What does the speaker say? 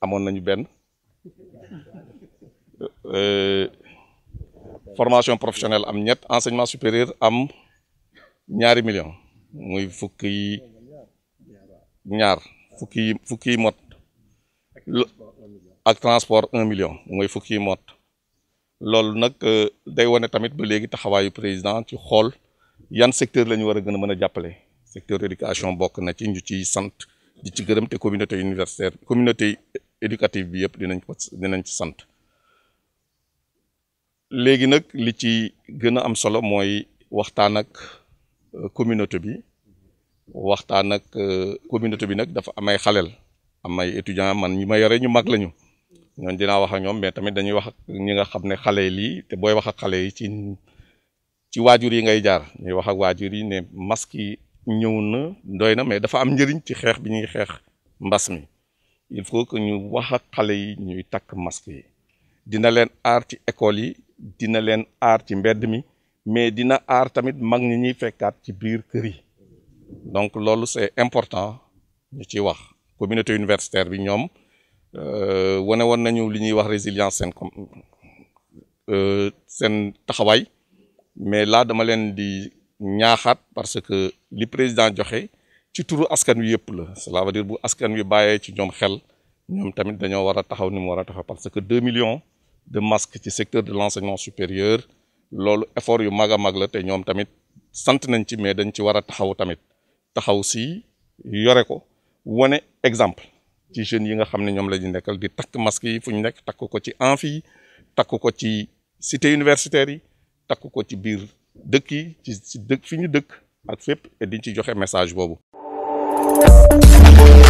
Amon nañu euh, euh, formation professionnelle am enseignement supérieur am ñaari million muy fukki ñaar mot transport un million muy fukki mot euh, day tamit ba président ci yan secteur lañu wara gëna mëna secteur éducation na ci di ci communauté universitaire éducative bi yëpp dinañ ko dinañ ci sant léegi nag li ci gën a am solo mooy waxtaan ak euh, communauté bi waxtaan ak euh, communauté bi nag dafa amay xaleel amay ay étudiants man ñi ma yore ñu mag lañu ñoom dinaa wax ak ñoom mais tamit dañuy wax ñi nga xam ne xale lii te booy wax ak xale yi ci ci waajur yi ngay jaar ñuy wax ak waajur yi ne masque yi ñëw na doy na mais dafa am njëriñ ci xeex bi ñuy xeex mbas mi il faut que ñu wax ak xalé yi ñuy tak masque yi dina len art ci école yi dina len art ci mbedd mi mais dina art tamit mag ñi ñi fekkat ci biir kër yi donc lolu c'est important ñu ci wax communauté universitaire bi euh woné won nañu li ñuy wax résilience comme euh sen taxawaay mais là dama len di ñaaxat parce que li président joxe ci turu askan wi yëpp la cela veut dire bu askan wi bàyyee ci ñoom xel ñoom tamit dañoo war a taxaw ni mu war a taxaw parce que deux millions de masques ci secteur de l'enseignement supérieur loolu effort yu mag a mag la te ñoom tamit sant nañ ci mais dañ ci war a taxaw tamit taxaw si yore ko wane exemple ci jeunes yi nga xam ne ñoom la ñu nekkal di takk masque yi fu ñu nekk takk ko ci amphi yi takk ko ci cité universitaire yi takk ko ci biir dëkk yi ci dëkk fi ñu dëkk ak fépp et diñ ci joxe message boobu Música